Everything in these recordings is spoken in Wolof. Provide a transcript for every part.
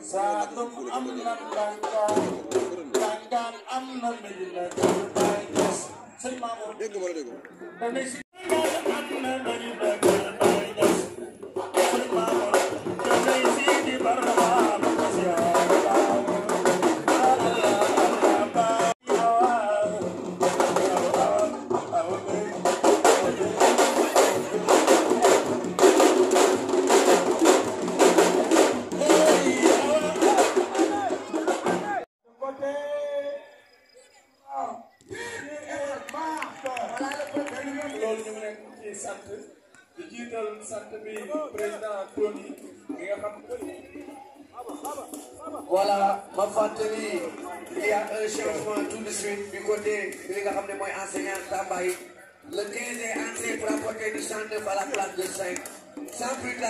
Saalum am na Ndangaan Ndangaan am na Medina Baye Niass sëñ Mamour dégg nga wala dégg nga voilà ma fàttali il y a un changement tout de suite du côté des enseignants xam enseignant le 15 est entré pour apporter du 109 de la classe de 5 sans plus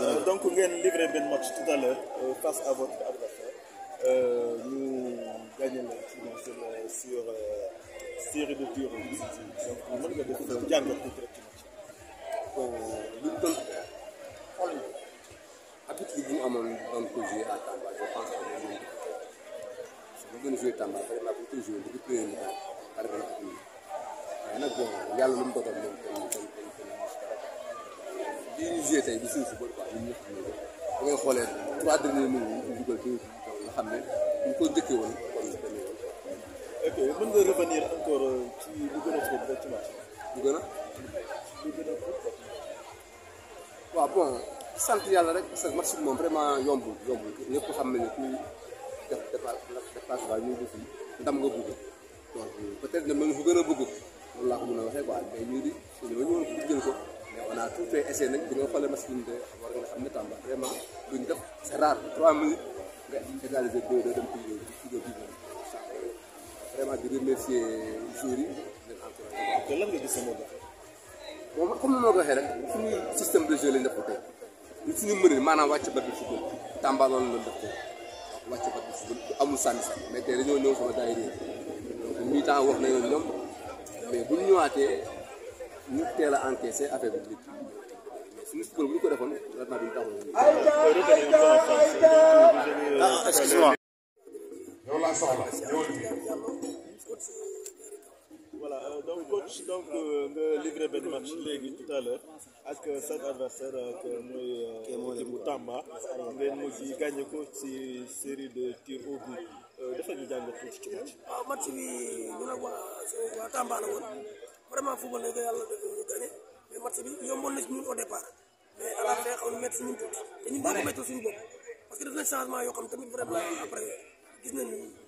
Euh, donc vous livré Ben Match tout à l'heure euh, face à votre adversaire. Euh, nous gagnons sur série de tirs. équipe bu ñu amoon doon ko joué à Tamba je pense que moom lañ ko bu ñu doon joué Tamba vraiment bu ñu koy joué yàlla lu mu dogal moom tamit tamit lii tey bi suñu football quoi ñun ñëpp ñu da xoolee trois derniers minutes ñu dugal deux nga xam ne bu ñu ko njëkkee woon kon demee woon. nga revenir encore euh, ci lu gën a fóot ci match. lu gën a. lu gën a bon. sant yàlla rek parce que match bi moom vraiment yombul yombul ñëpp xam nañu ne ku def déplacement ñu ngi fi ndam nga bëgg donc peut-être ne mën ko gën a bëgg loolu laa ko mën a waxee quoi mais ñu di ñoo ñëwoon pour jël ko mais on a tout fait essayé nag bi nga ne Tamba vraiment duñ def c'est rare trois minutes nga égaliser deux deux dem ci ci kii vraiment di remercier joueurs yi di leen encourager. te lan nga gis sama bopp. bon ma ko waxee rek suñu système de jeu ñun suñu mbëri maanaam wàcc bat bi football Tamba loolu la def ko wàcc bat bi football amul sànni sax mais tey dañoo ñëw sama daay réer donc mi temps wax nañu ñoom mais bu ñu ñëwaatee ñu teel a encaissé affaire bi lépp suñu football bu ñu ko defoon vraiment duñu a excuse-moi. yow laa soxla coach donc euh, nga livré benn match léegi tout à l'heure ak euh, seen ak euh, mooy équipe bu Tamba ngeen mujj gagné ko ci série de tir au but dafa ñu jàngat ci match. waaw match bi ñu ne waa waa Tamba la woon vraiment football yàlla def ñu gagné mais bi yomboon na ci ñun au départ mais à la fin xaw na métti suñu bopp te ñun parce que def na changement yoo xam tamit vraiment après gis nañu.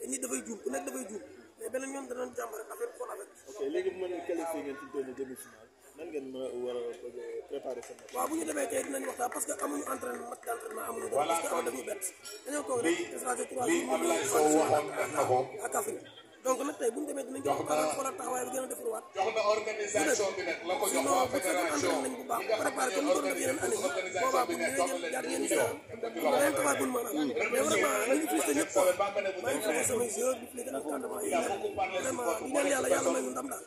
te nit dafay juum ku nekk dafay juum mais beneen yoon danañ jàmbale affaire xool affaire bi. léegi bu ma leen qualifié ngeen fi mu toll nii demi final nan ngeen ma war a préparer seen bopp. waaw bu ñu demee tey dinañ waxtaan parce que amuñu entraînement match d'entraînement amuñu. voilà kon parce que dañu bett dañoo toog rek. lii lii donc nag bu ñu demee dinañ ko xalaat xoolaat taxawaay bi gën a defarwaat jox na organisation bi nag la ko jox bu baax préparé bu ñëwee ngeen jaar ñu mën a am mm. mais vraiment ñu ngi félicité ñëpp quoi maa ngi félicité samay joueurs di félicité yi vraiment di ñaan yàlla yàlla may ñu ndam daal